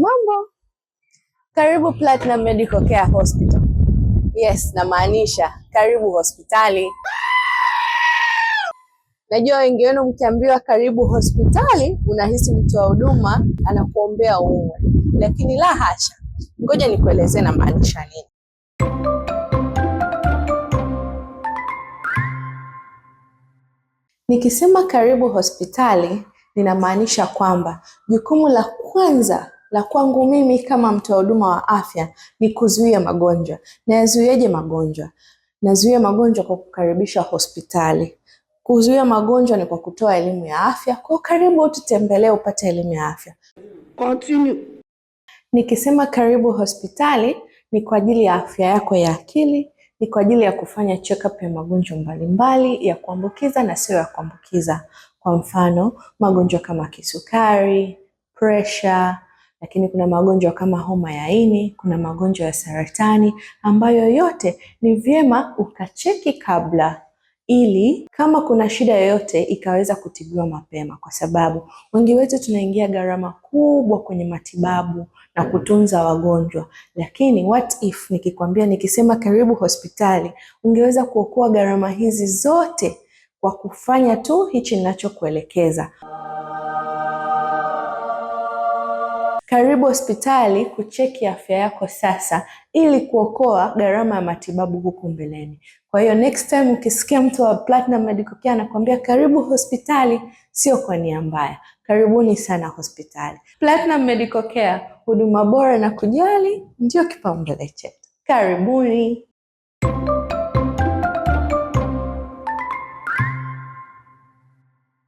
Mambo, karibu Platinum Medical Care Hospital. Yes, namaanisha karibu hospitali. Najua wengi wenu mkiambiwa karibu hospitali, unahisi mtu wa huduma anakuombea uwe, lakini la hasha. Ngoja nikuelezee namaanisha nini. Nikisema karibu hospitali, ninamaanisha kwamba jukumu la kwanza la kwangu mimi kama mtoa huduma wa afya ni kuzuia magonjwa. Nayazuiaje magonjwa? Nazuia magonjwa kwa kukaribisha hospitali. Kuzuia magonjwa ni kwa kutoa elimu ya afya. Kwa karibu, tutembelee upate elimu ya afya. Continue. Nikisema karibu hospitali ni kwa ajili ya afya yako ya akili, ni kwa ajili ya kufanya check up ya magonjwa mbalimbali ya kuambukiza na sio ya kuambukiza. Kwa mfano, magonjwa kama kisukari, pressure lakini kuna magonjwa kama homa ya ini, kuna magonjwa ya saratani ambayo yote ni vyema ukacheki kabla ili kama kuna shida yoyote ikaweza kutibiwa mapema, kwa sababu wengi wetu tunaingia gharama kubwa kwenye matibabu na kutunza wagonjwa. Lakini what if nikikwambia, nikisema karibu hospitali, ungeweza kuokoa gharama hizi zote kwa kufanya tu hichi ninachokuelekeza. Karibu hospitali kucheki afya yako sasa ili kuokoa gharama ya matibabu huku mbeleni. Kwa hiyo next time ukisikia mtu wa Platinum Medical Care anakuambia karibu hospitali, sio kwa nia mbaya. Karibuni sana hospitali. Platinum Medical Care, huduma bora na kujali ndio kipaumbele chetu. Karibuni.